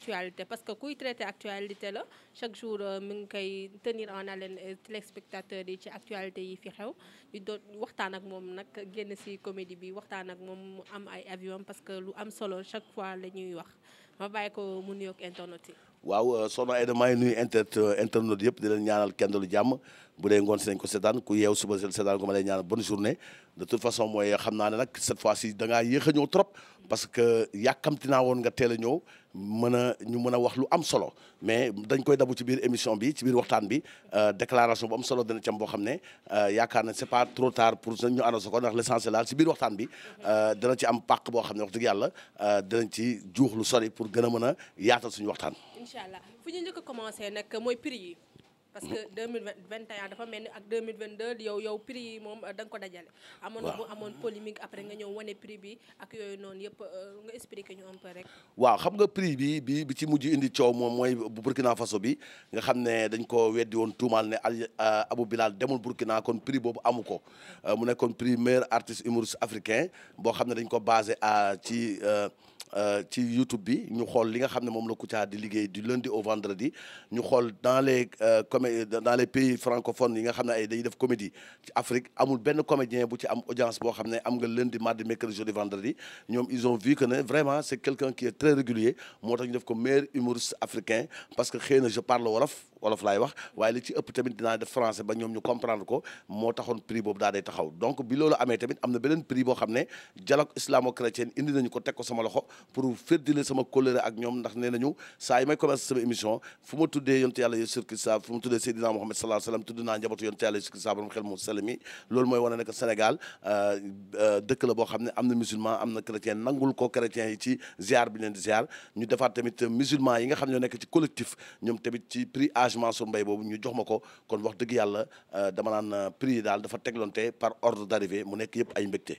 actualité parce que kuy traité actualité la chaque jour euh, mi ngi koy tenir en haleine euh, téléspectateurs yi ci actualité yi fi xew ñu waxtaan ak moom nag génn si comédie bi waxtaan ak moom mu am ay avion parce que lu am solo chaque fois la ñuy wax ma bàyyi ko mu nuyoog internet yi. waaw euh, soo Aïda maa ngi nuyu internet internet yëpp di leen ñaanal kenn lu jàmm bu dee ngoon si nañ ko seetaan ku yeew suba si seetaan ko ma lay ñaanal bonne journée de toute façon mooy xam naa ne nag cette fois ci da a ñëw trop. parce que yàkkamti naa woon nga teel a ñëw mën a ñu mën a wax lu am solo mais dañ koy dabu ci biir émission bi ci biir waxtaan bi euh, déclaration bu am solo dana ci boo xam ne euh, yaakaar na c'est pas trop tard pour ñu annoncé ko ndax l'essentiel daal ci biir waxtaan bi euh, dana ci am pàq boo xam ne wax dëgg yàlla danañ ci juux lu sori pour gën a mën a yaatal suñu waxtaan. incha allah fu ñu njëkk a commencé mooy prix parce que 2021 dafa mel ni ak 2022 yow yow prix yi moom da nga ko dajale. amoon bu amoon polémique après nga ñëw wane prix bi ak yooyu noonu yëpp euh, nga expliquer ñu un rek. waaw xam nga prix bi bi bi ci mujj indi coow moom mooy bu Burkina Faso bi nga xam ne dañ ko weddi woon tuumaal ne Ali euh, Abou Bilal demul Burkina kon prix boobu amu ko euh, mu nekkoon prix meilleur artiste humoriste africain boo xam ne dañ ko basé à ci. Euh, ci YouTube bi ñu xool li nga xam ne moom la Kouthia di liggéey du lundi au vendredi ñu xool euh, euh, dans les pays francophones yi nga xam ne ay dañuy def comédie ci Afrique amul benn comédien bu ci am audience boo xam ne am nga lundi mardi mercredi jeudi vendredi ñoom ils ont vu que ne vraiment c'est quelqu'un qui est très régulier moo tax ñu def ko meilleur humoriste africain parce que xëy na je parle wolof wolof laay wax waaye li ci ëpp tamit dinaa def français ba ñoom ñu comprendre ko moo taxoon prix boobu daa day taxaw donc bi loolu amee tamit am na beneen prix boo xam ne dialogue islamo-chrétien indi nañu ko teg ko sama loxo pour féddile sama kóllëre ak ñoom ndax nee nañu saa yi may sama émission fu ma tuddee yonte yàlla Yeesu Christ fu ma tuddee Seydina Mohamed sallallahu alayhi wa sallam tudd naa yonte yàlla Yeesu Christ borom xel mu sell loolu mooy wane euh, euh, boo xam ne am na musulman am na chrétien nangul ko chrétien yi ci ziar bi yi nga xam ne ñoo nekk ci collectif Hadj Mansour Mbaye boobu ñu jox ma ko kon wax dëgg yàlla euh, dama naan euh, prix yi daal dafa teglonte par ordre d'arrivée mu nekk yëpp ay mbégte.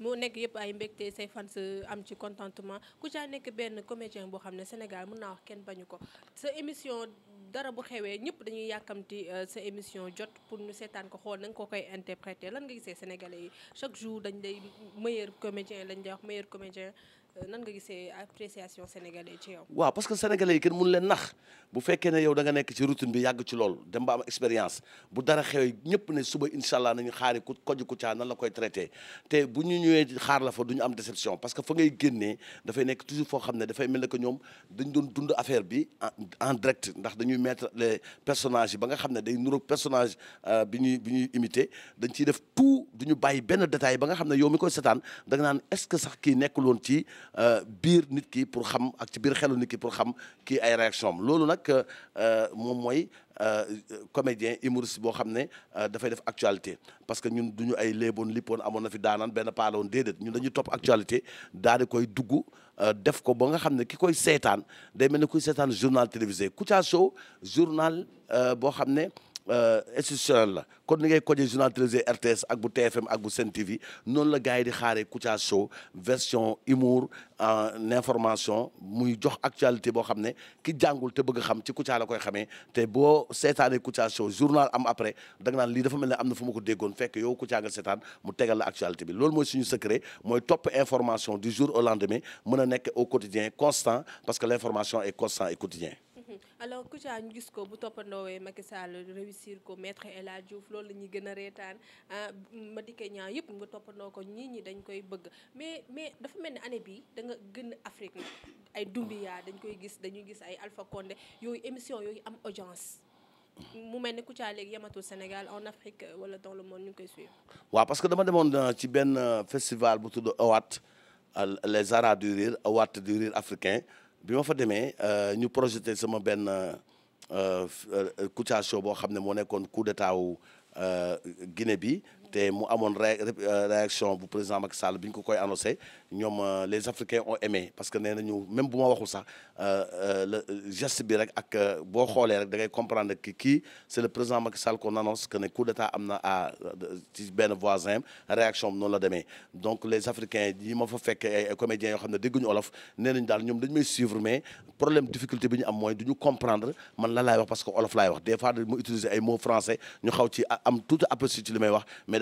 mu nekk yëpp ay mbégte say fans euh, am ci contentement ku caa nekk benn comédien boo xam ne Sénégal mën naa wax kenn bañu ko sa émission dara bu xewee ñëpp dañuy yàkkamti sa émission jot pour ñu seetaan ko xool na nga ko koy interpréter lan nga gisee sénégalais yi chaque jour dañ lay meilleur comédien Euh, nan nga gisee appréciation sénégalais ci yow. waaw parce que sénégalais yi kenn mënu leen nax bu fekkee ne yow da nekk ci routine bi yàgg ci lool dem ba am expérience bu dara xewee ñëpp ne suba incha allah nañu xaari ku koj ku caa la koy traité te bu ñu ñëwee xaar la fa du ñu am déception parce que fa ngay génnee dafay nekk toujours foo xam ne dafay mel ne que ñoom dañ doon dund affaire bi en direct ndax dañuy mettre les personnages ba nga xam ne day nuroog personnage euh, bi ñuy bi ñuy imité dañ ciy def tout du ñu bàyyi benn détail ba nga xam ne yow mi koy setaan da nga naan est-ce que sax kii nekkul ci Euh, biir nit ki pour xam ak ci biir xelu nit ki pour xam kii ay réaction loolu nag euh, moom mooy euh, comédien humoriste boo xam ne dafay def actualité parce que ñun duñu ay léeboon lippoon amoon na fi daanaan benn paaloon déedéet ñun dañuy topp actualité daal di koy dugg def ko ba nga xam ne ki koy seetaan day mel ni kuy seetaan journal télévisé Kouthia Show journal boo xam ne Euh, institutionnel la kon ni ngay koje journal télévisé RTS ak bu TFM ak bu Sen TV noonu la gars yi di xaaree Kouthia Show version humour en information muy jox actualité boo xam ne ki jàngul te bëgg xam ci a la koy xamee te boo seetaanee Kouthia Show journal am après da nga naan lii dafa mel ne am na fu ma ko déggoon fekk yow Kouthia nga seetaan mu tegal la actualité bi loolu mooy suñu secret mooy topp information du jour au lendemain mën a nekk au quotidien constant parce que l'information est constante et alors Kouthia ñu gis ko bu toppandoowee Macky Sall réussir ko maître et la Diouf loolu la ñuy gën a reetaan ah, Madické Niang yëpp nga toppandoo ko ñii ñi dañ koy bëgg mais mais dafa mel ni année bii da nga gën Afrique na ay Doumbouya dañ koy gis dañuy gis ay Alpha Condé yooyu émission yooyu am audience mu mel ni Kouthia léegi yamatu Sénégal en Afrique wala dans le monde ñu ngi koy suivre. waa parce que dama demoon euh, ci benn euh, festival bu tudd Awat euh, les Aras du Rire Awat africain. bi ma fa demee euh, ñu projeté sama benn euh, euh, Kouthia Show boo xam ne moo nekkoon coup d'état wu Guinée bi te mu amoon euh, réaction bu président Macky Sall bi ñu ko koy annoncé ñoom euh, les Africains ont aimé parce que nee nañu même bu ma waxul sax euh, le geste bi rek ak boo xoolee rek da ngay comprendre que kii c' est le président Macky Sall qu'on annonce que ne coup d' état am na à ci demee donc les Africains yi ma fa fekk ay comédiens yoo xam ne dégguñu olof nee daal ñoom dañu may suivre mais problème difficulté bi ñu am mooy du ñu comprendre man la laay wax parce que olof laay wax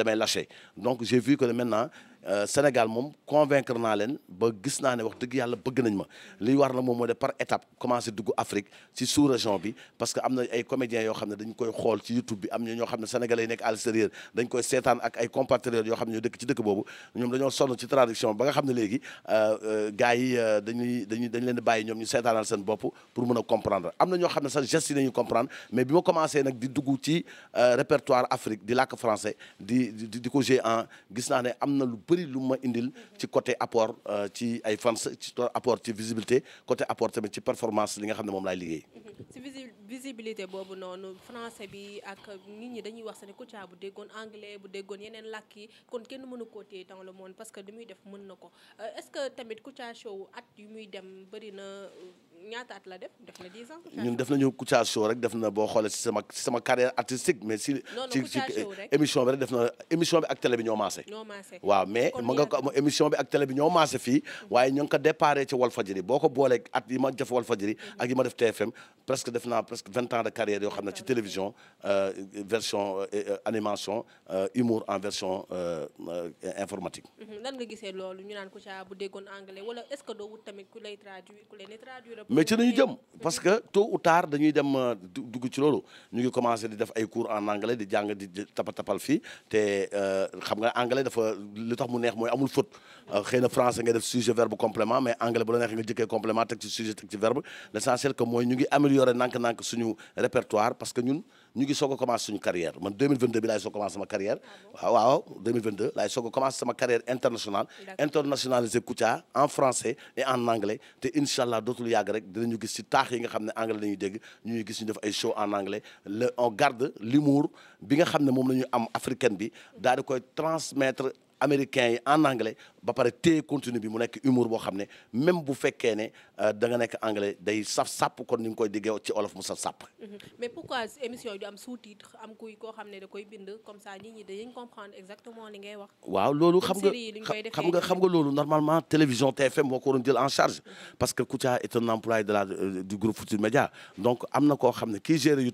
damay lâché donc j'ai vu que maintenant Euh, Sénégal moom convaincre naa leen ba gis naa ne wax dëgg yàlla bëgg nañ ma li war na moom moo de par étape commencé dugg Afrique ci sous région bi parce que am na ay comédiens yoo xam ne dañ koy xool ci YouTube bi am na ñoo xam ne sénégalais yi nekk à l'extérieur dañ ak ay compatriotes xam ne ci dëkk boobu ñoom dañoo sonn ci traduction ba nga xam ne léegi euh, euh, gars yi dañuy dañuy dañ leen bàyyi ñoom ñu seetaanal seen bopp pour mën a comprendre am na ñoo xam ne sax gestes yi nañu comprendre mais bi ma commencé nag di dugg ci répertoire Afrique di làkk français di di ko g gis naa ne am na lu bëri lu ma indil ci côté apport euh, ci ay fans ci apport ci apport ci performance li nga xam ne moom laay liggéey. ci visibilité boobu noonu français bi ak nit ñi dañuy wax seen bu déggoon anglais bu déggoon yeneen làkk yi kon kenn mënu koo dans le monde parce que muy def mën na ko euh, est-ce que tamit Kouthia Show at yu muy dem bëri ñaata ñun def nañu Kouthia rek def na boo xoolee si sama carrière artistique mais si. ci émission bi rek def na émission bi ak télé bi ñoo maase. waaw mais ma nga ko émission bi ak télé bi ñoo maase fii. Mhm. waaye ñu ngi ko déparé ci Walfadjri boo ko boolee at yi ma def Walfadjri ak yi ma def TFM presque def naa presque vingt ans de carrière yoo xam ne ci télévision euh, version euh, animation euh, humour en version informatique. Mhm. nan nga gisee loolu ñu naan Kouthia mais ci nañu jëm parce que tôt ou tard dañuy dem euh, dugg ci loolu ñu ngi commencé di def ay cours en anglais di jàng di tapa tapal fii te euh, xam nga anglais dafa li tax mu neex mooy amul faute euh, xëy na français nga def sujet verbe complément mais anglais bu la neexee nga jëkkee complément teg ci sujet teg ci verbe l'essentiel que mooy ñu ngi améliorer nank-nank suñu répertoire parce que ñun ñu ngi soog a commencé suñu carrière man 2022 bi laay soog a commencé sama carrière ah waaw waaw 2022 laay soog en français et en anglais te incha allah dootul yàgg rek dinañu gis ci taax yi nga xam ne anglais lañuy dégg ñu ngi gis ñu def ay show en anglais garde l'humour bi nga xam ne moom la ñu am africaine bi daal di koy transmettre américain yi en anglais ba pare téye contenu bi mu nekk humour boo xam ne même bu fekkee ne euh, da nga nekk anglais day saf sàpp kon ni nga koy diggee ci olof mu saf sàpp. Mhm. mais pourquoi émission am sous am kuy koo xam ne da koy bind comme ça nit ñi dañuy comprendre exactement li ngay wax. waaw loolu xam nga xam nga loolu normalement télévision TFM moo ko waroon jël en charge mhm. parce que Kouthia est un employé de la euh, du groupe Futurs Médias donc am na koo xam ne kii gérer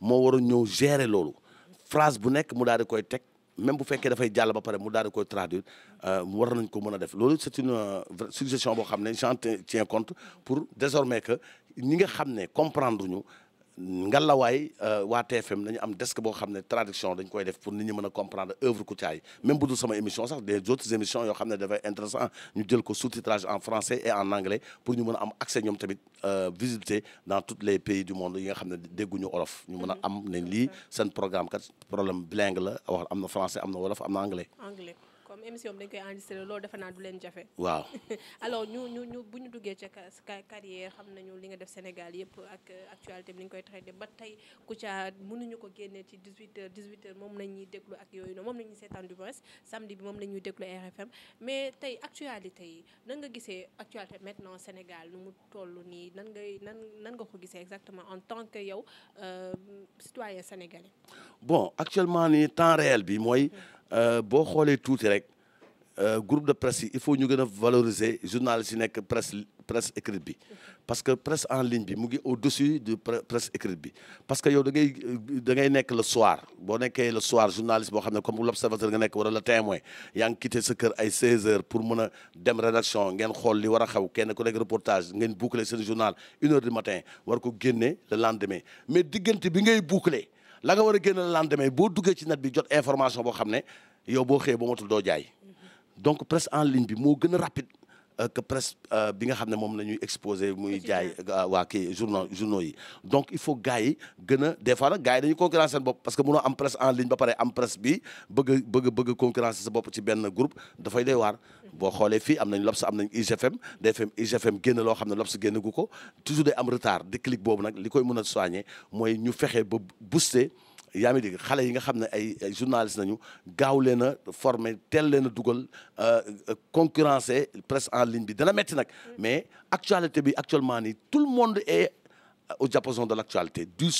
moo waroon ñëw gérer loolu mhm. phrase bu nekk mu daal di koy teg. même bu fekkee dafay jàll ba pare mu daal di koy traduire euh, war nañ ko mën a def loolu c'est une euh, suggestion boo xam ne j'en tiens compte pour désormais que ñi nga xam ne comprendre ñu ngalawaay euh, waa TFM nañu am desk boo xam ne traduction dañ koy def pour nit ñi mën a comprendre œuvre Kouthia yi même bu dul sama émission sax des autres émissions yoo xam ne dafay intéressant ñu jël ko sous-titrage en français et en anglais pour ñu mën a am accès ñoom tamit euh, visiter dans tous les pays du monde yi nga xam ne dégguñu olof ñu mën a mhm. am ne lii seen programme kat problème bilingue la wax am na français am na wolof am na anglais. comme émission bi dañ koy enregistré loolu defe naa du leen jafe. waaw alors ñu ñu ñu bu ñu duggee ca carrière xam nañu li nga def Sénégal yëpp ak euh, actualité bi ni ñu koy traité ba tey Kouthia mënuñu ko génnee ci 18h 18h moom la ñuy déglu ak yooyu noonu moom la ñuy seetaan du moins samedi bi moom la ñuy déglu RFM mais tey actualité yi nan nga gisee actualité maintenant Sénégal lu mu toll nii nan ngay nan nan nga ko gisee exactement en tant que yow euh, citoyen sénégalais. bon actuellement nii temps réel bi mooy. Mm. Euh, boo xoolee tuuti rek euh, groupe de presse yi il faut ñu gën a valoriser journaliste yi nekk presse presse écrite bi parce que presse en ligne bi mu ngi au-dessus du presse écrite bi parce que yow da ngay da nekk le soir boo nekkee le soir journaliste boo xam ne comme l'observateur nga nekk wala le témoin yaa ngi quitté sa kër ay 16 heures pour mën a dem rédaction ngeen xool li war a xew kenn ku nekk reportage ngeen boucler seen journal une heure du matin war ko génne le lendemain mais diggante bi ngay boucler la war a génn lendemain boo duggee ci net bi jot information boo xam ne yow boo xëyee ba matul doo jaay mm-hmm. donc presse en ligne bi moo gën a rapide Euh, que presse euh, bi nga xam ne moom la ñuy exposé muy jaay euh, waa kii journaux journaux yi donc il faut gars yi gën a des fois nag gars yi dañuy concurrence bopp parce que mënoo am presse en ligne ba pare am presse bi bëgg a bëgg bëgg concurrence sa bopp ci benn groupe dafay doy waar boo xoolee fii am nañ L'Obs am nañ IGFM DFM IGFM génn loo xam ne L'Obs génn gu ko toujours day am retard déclic boobu nag li koy mën a soigner mooy ñu fexe ba booster yaa ngi dégg xale yi nga xam ne ay ay journaliste nañu gaaw leen a former teel leen a dugal euh, concurrencer presse en ligne bi dana metti nag mm. mais actualité bi actuellement ni tout le monde est Euh, au diapason de lactualité actualité du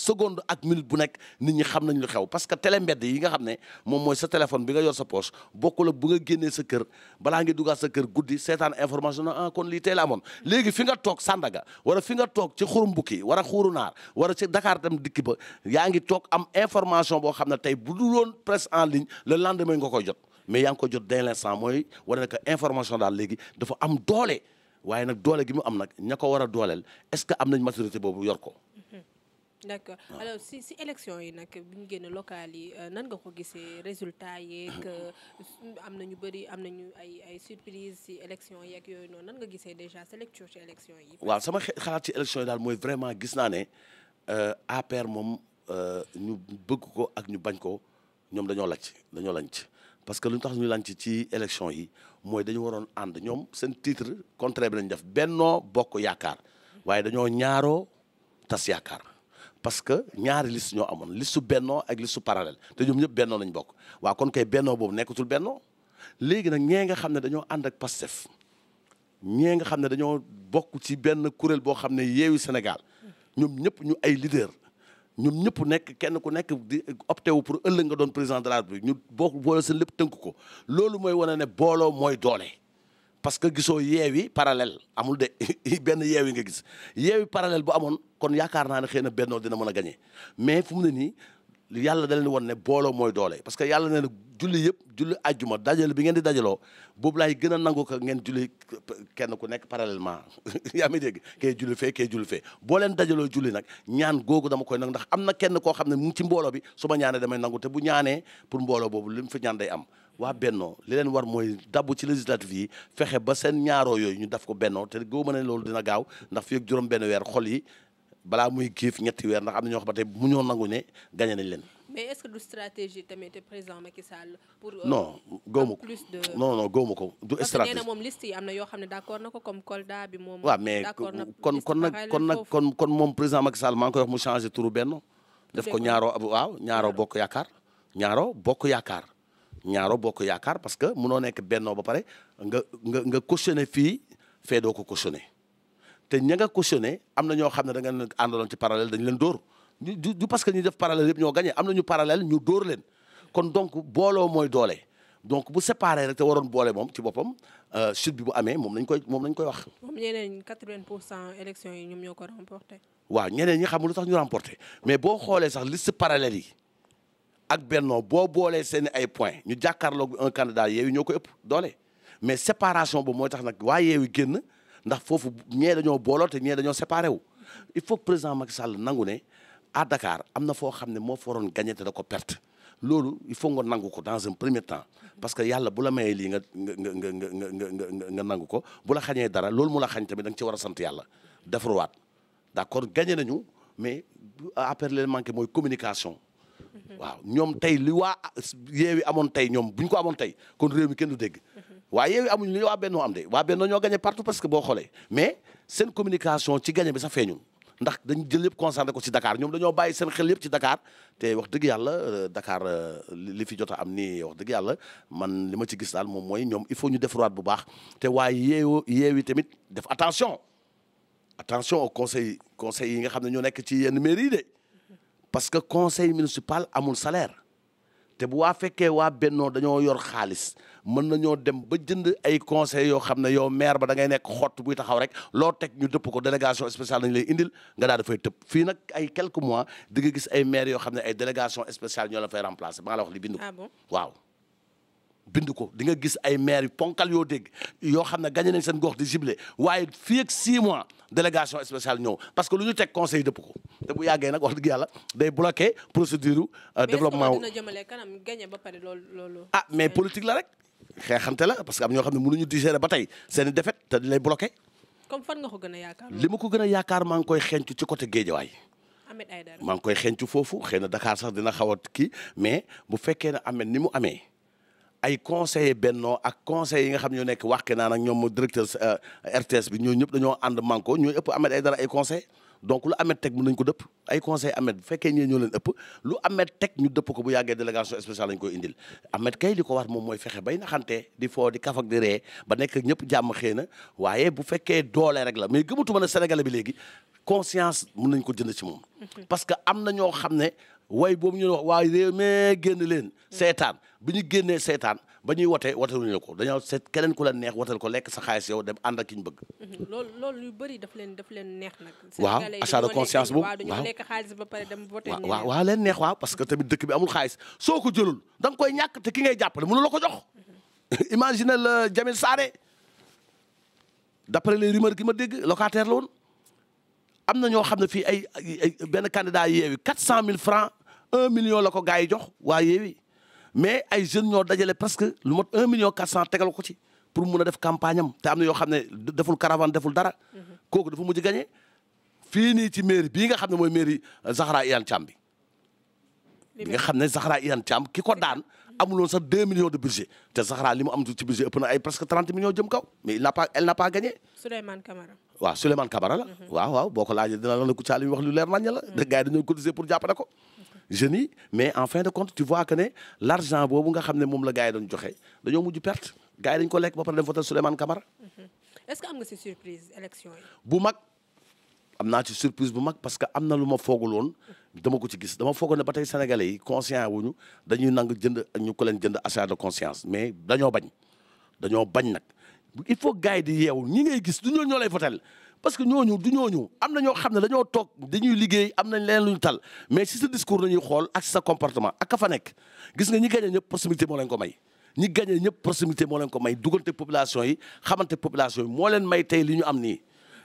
seconde ak minute bu nekk nit ñi xam nañ lu xew parce que télé mbedd yi nga xam ne moom mooy sa téléphone bi nga yor sa poche bokkul bu nga génnee sa kër balaa ngi dugaat sa kër guddi seetaan information na ah kon lii tey la amoon léegi fi nga toog Sandaga wala fi nga toog ci xurum bukki wara xuuru naar wala ci Dakar tam dikki ba yaa ngi toog am information boo xam ne tey bu dul woon presse en ligne le lendemain nga ko jot mais yaa ngi ko jot dès l'instant mooy wane que information daal léegi dafa am doole waaye nag doole gi mu am nag ña ko war a dooleel est-ce que am nañ maturité boobu yor ko. Mm-hmm. d'accord alors si si élection yi nag bi ñu génn locale yi euh, nan nga ko gisee résultat yeeg euh, am na ñu bëri am nañu ay ay surprise si élection yeeg yooyu noonu nan nga gisee déjà sa lecture ci élection yi. waaw sama xalaat ci élection yi daal mooy vraiment gis naa ne euh, APR moom ñu bëgg ko ak ñu bañ ko ñoom dañoo lajj dañoo lañ parce que lu tax ñu lanc ci élection yi mooy dañu waroon ànd ñoom seen titre contraire bi def bennoo bokk yaakaar waaye dañoo ñaaroo tas yaakaar parce que ñaari liste ñoo amoon listu bennoo ak listu parallèle te ñoom ñëpp bennoo lañ bokk waaw kon kay bennoo boobu nekkatul bennoo léegi nag ñee nga xam ne dañoo ànd ak Pastef ñee nga xam ne dañoo bokk ci benn kuréel boo xam ne yeewi Sénégal ñoom ñëpp ñu ay leader ñun ñëpp nekk kenn ku nekk di opté pour ëllëg nga doon président de la République ñu boo boole sa lépp tënk ko loolu mooy wane ne booloo mooy doole. parce que gisoo yeewi parallèle amul de benn yeewi nga gis yeewi parallèle boo amoon kon yaakaar naa ne xëy na bennoo dina mën a gañe mais fu mu ne nii. yàlla da leen won ne booloo mooy doole parce que yàlla nee na julli yëpp julli àjjuma dajale bi ngeen di dajaloo boobu laay gën a nangu ko ngeen julli kenn ku nekk parallèlement yaa mi dégg kee julli fee kee julli fee boo leen dajaloo julli nag ñaan googu dama koy nangu ndax am na kenn koo xam ne mu ngi ci mbooloo bi su ma ñaanee damay nangu te bu ñaanee pour mbooloo boobu li mu fi ñaan day am waa bennoo li leen war mooy dabbu ci législative yi fexe ba seen ñaaroo yooyu ñu daf ko bennoo te góob ma ne loolu dina gaaw ndax fi juróom benn weer xol yi balaa muy kiif ñetti weer ndax am na ñoo xam ba tey mu ñoo nangu ne gagné nañ leen. mais est-ce que du stratégie tamit président Macky pour. Euh, non góomu ko non non góomu ko du. stratégie parce que moom liste yi am na yoo xam ne d'accord na ko comme Kolda bi moom. waaw mais kon kon nag kon nag kon kon moom président Macky Sall maa ngi koy wax mu changé turu benn. def ko ñaaroo waaw ñaaroo bokk yaakaar ñaaroo bokk yaakaar. ñaaro bokk yaakaar parce que mënoo nekk bennoo ba pare nga nga nga cautionné fii fee ko cautionné te ña nga cautionné am na ñoo xam ne da ngeen àndaloon ci parallèle dañ leen dóor du parce que ñu def parallèle yëpp ñoo gagné am na ñu parallèle ñu dóor leen kon donc booloo mooy doole donc bu séparé rek te waroon boole moom ci boppam euh, chute bu amee moom lañ koy moom lañ koy wax. moom ñeneen 80 pour cent élection yi ñoom ñoo ko remporté. waa ñeneen ñi xamul lu tax ñu remporté mais boo xoolee sax liste parallèle yi ak bennoo boo boolee seen ay point ñu jàkkaarloog un candidat yeewi ñoo ko ëpp doole mais séparation boobu mooy tax nag waa génn. ndax foofu ñee dañoo booloo te ñee dañoo séparé wu il faut que président Macky Sall nangu ne à Dakar am na foo xam ne moo fa waroon gagné te da ko perte loolu il faut nga nangu ko dans un premier temps parce que yàlla bu la mayee lii nga nga nga nga nga nangu ko bu la xañee dara loolu mu la xañ tamit da nga ci war a sant yàlla defaruwaat d'accord gagné nañu mais après leen manqué mooy communication. Mhm. waaw ñoom tey li waa yeewi amoon tey ñoom bu ñu ko amoon tey kon réew mi kenn du dégg. waaye Yewwi amuñu li waa Benno am de waa Benno ñoo gagné partout parce que boo xoolee mais seen communication ci gagné bi sax feeñul ndax dañ jël yëpp concentré ko ci Dakar ñoom dañoo bàyyi seen xel yëpp ci Dakar te wax dëgg yàlla euh, dakaar euh, li fi jot a am ni wax dëgg yàlla man li ma ci gis daal moom mooy ñoom il faut ñu def defaraat bu baax te waaye yeewu Yewwi tamit def attention attention au conseil conseil yi nga xam ne ñoo nekk ci yenn mairie de parce que conseil municipal amul salaire te bu waa fekkee waa bennoo dañoo yor xaalis mën nañoo dem ba jënd ay conseil yoo xam ne yow maire ba da ngay nekk xot buy taxaw rek loo teg ñu dëpp ko délégation spéciale dañu lay indil nga daal dafay tëb fii nag ay quelques mois di nga gis ay maire yoo xam ne ay délégation spéciale ñoo la fay remplacer ba nga la wax li bindu ko ah waaw bind ko di nga gis ay maire yu ponkal yoo dégg yoo xam ne gagné nañ seen gox di jible waaye fii ak mois délégation spéciale ñëw parce que lu ñu teg conseil dëpp ko te bu yàggee nag wax dëgg yàlla day bloqué procédure euh, développement wu. dina jëmale kanam gagné ba pare loolu loolu. ah mais politique la rek xeexante la parce que am ñoo xam ne mënuñu digérer ba tey seen i défaite te di lay bloqué. comme fan nga ko gën a yaakaar. li ma ko gën a yaakaar maa ngi koy xeeñtu ci côté Géejawaay. Ahmed Aïdara maa ngi koy xeeñtu foofu xëy na Dakar sax dina xaw a kii mais bu fekkee ne Ahmed ni mu amee. ay conseillers Benno ak conseillers yi nga xam ñoo nekk wàqe naa nag ñoom directeur euh, RTS bi ñoo ñëpp dañoo ànd manko ñoo ëpp Ahmed Aïdara ay conseil donc lu Ahmed teg mën nañ ko dëpp ay conseil Ahmed kay li ko war moom mooy fexe bay naxantee di foo di di ree ba nekk ñëpp jàmm xëy waaye bu fekkee doole rek la mais gëmatuma ne Sénégalais bi léegi conscience mën nañ ko jënd ci moom mhm. parce que am na ñoo xam ne way boobu ñu wax waaye réew mee génn leen mhm. seetaan bu ñu génnee seetaan ba ñuy wote wotaluñu ko dañoo seet keneen ku la neex woteel ko lekk sa xaalis yow dem ànd ak ki ñu bëgg. Mhm. loolu lu bëri daf leen daf leen neex nag. waaw achat a conscience boobu waaw dañoo lekk xaalis ba pare dem voté. waaw waaw leen neex waaw parce que tamit dëkk bi amul xaalis soo ko jëlul da nga koy ñàkk te ki ngay jàppale mënu la ko jox. Mhm. imagine la Jamil Sané d'après les rumeurs gi ma dégg locataire la woon am na ñoo xam ne fii ay ay benn candidat yeewi mille francs 1 million la ko gars yi jox waa mais ay jeunes ñoo dajale presque lu mot un million quatre cent tegal ko ci pour mun a def campagne am te am na yoo xam ne deful caravane deful dara. Mm-hmm. kooku dafa mujj gagné fii ci mairie bii nga xam ne mooy mairie euh, Zahra Iyane Thiam bi. bi nga xam ne Zahra Iyane Thiam ki ko daan amuloon sax deux millions de budget te Zahra li am ci budget ay presque trente millions jëm kaw mais il n'a pas elle n'a pas gagné. Souleymane Camara. waaw la. Mm-hmm. waaw jeunes yi mais en fin de compte tu vois que ne l' boobu nga xam ne moom la gars yi doon joxe dañoo mujj perte gars yi dañ ko lekk ba pare dem voter Souleymane Camara. Mm-hmm. am nga si surprise élection yi. bu mag am naa ci surprise bu mag parce que am na lu ma foogul woon dama ko ci gis dama foogoon ne ba tey sénégalais yi conscient wuñu dañuy nangu jënd ñu ko leen jënd achat de conscience mais dañoo bañ dañoo bañ nag il faut gars yi di yeewu ñi ngay gis du ñoo ñoo lay voter parce que ñooñu du ñooñu am na ñoo xam ne dañoo toog dañuy liggéey am nañ leen lu ñu tal mais si sa discours dañuy xool ak sa comportement ak ka fa nekk gis nga ñi gagné ñëpp proximité moo leen ko may. ñi gagné ñëpp proximité moo leen ko may duggante population yi xamante population yi moo leen may tey li ñu am nii.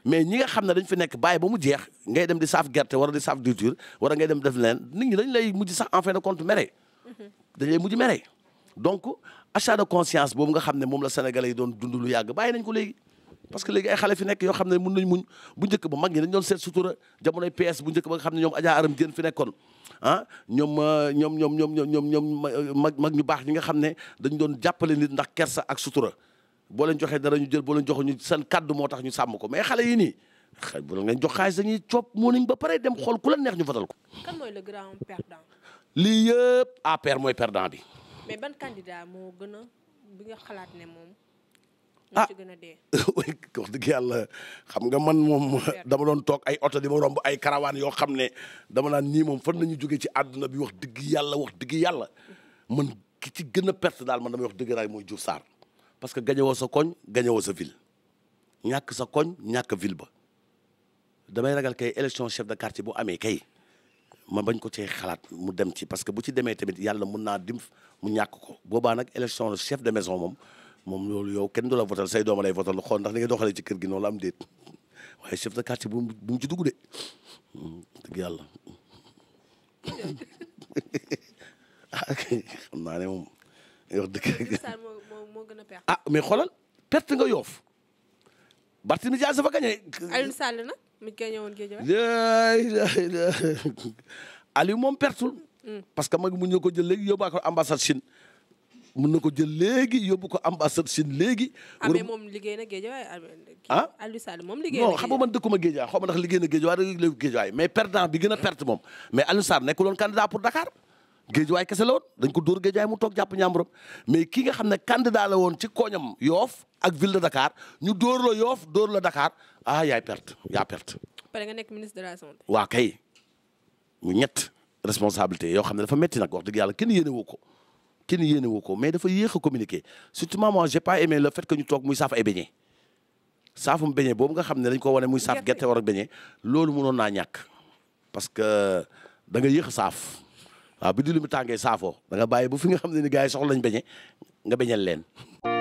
mais ñi nga xam ne dañ fi nekk bàyyi ba mu jeex ngay dem di saaf gerte wala di saaf diwtiir wala ngay dem def leen nit ñi dañ lay mujj sax en fin mere. dañ lay mujj mere donc achat de conscience boobu nga xam ne moom la sénégalais yi doon dund lu yàgg nañ ko léegi. parce que léegi ay xale fi nekk yoo xam ne mun nañ muñ bu njëkk ba mag ñi dañ doon seet sutura jamonoy PS bu njëkk ba nga xam ne ñoom Adja Aram Dieng fi nekkoon ah euh, ñoom ñoom ñoom ñoom ñoom ñoom euh, mag mag ñu baax ñi nga xam ne dañ doon jàppale nit ndax kersa ak sutura boo leen joxee dara ñu jël boo leen ñu seen kàddu moo tax ñu sàmm ko mais xale yi nii xëy bu ngeen jox xaalis dañuy moo nañ ba pare dem xool ku la neex ñu fatal ko. kan mooy le grand perdant. lii yëpp APR mooy perdant bi. mais ban candidat moo gën bi nga xalaat ne moom ah wax dëgg yàlla xam nga man moom dama doon toog ay oto di ma romb ay karawaan yoo xam ne dama naan nii moom fan nañu jógee ci àdduna bi wax dëgg yàlla wax dëgg yàlla man ki ci gën a perte daal man damay wax dëgg raay mooy Diouf saar parce que gañewoo sa koñ gañewoo sa ville ñàkk sa koñ ñàkk ville ba damay ragal kay élection chef de quartier boo amee kay ma bañ ko cee xalaat mu dem ci parce que bu ci demee tamit yàlla mun naa dim mu ñàkk ko boobaa nag élection chef de maison moom moom loolu yow kenn du la votal say doom lay votal xool ndax li nga doxalee ci kër gi noonu am déet waaye chef de quartier bu mu bu mu hmm, ah, naa ne moom wax dëgg. moo a perte. Ah, xoolal perte nga yoof Barthélémy Dias dafa gagné. Aliou Sall nag moom pertul. Hmm. parce que mag mu ñu ko jël léegi yóbbaa ko ambassade Chine. mën na ko jël léegi yóbbu ko ambassade Chine léegi. Ah, wala amee moom liggéey na géejawaay. Ah, ah Aliou Sall moom liggéey na non xam nga man dëkkuma géejawaay xaw ma ndax liggéey na géej rek léegi géejawaay mais perdant bi gën a perte moom mais Aliou Sall nekkul woon candidat pour Dakar géejawaay kese la dañ ko dóor géejawaay mu toog jàpp ñaamburam mais ki nga xam ne candidat la woon ci koñam Yoff ak ville de Dakar ñu dóor la yoof dóor la Dakar ah yaay perte yaa perte. nga nekk ministre de la santé. waa kay mu ñett responsabilité yoo xam ne dafa metti nag wax dëgg yàlla kenn yéene ko kenn yéene woo ko mais dafa yéex a communiquer surtout moi j'ai pas aimé le fait que ñu toog muy saaf ay beñe saafum beñe boobu nga xam ne dañ ko wane muy saaf gerte war ak beñe loolu mënoon naa ñàkk parce que da nga yéex saaf waaw bi di lu mu tàngee saafoo da nga bàyyi bu fi nga xam ne ni gars yi soxla ñu beñe nga beñal leen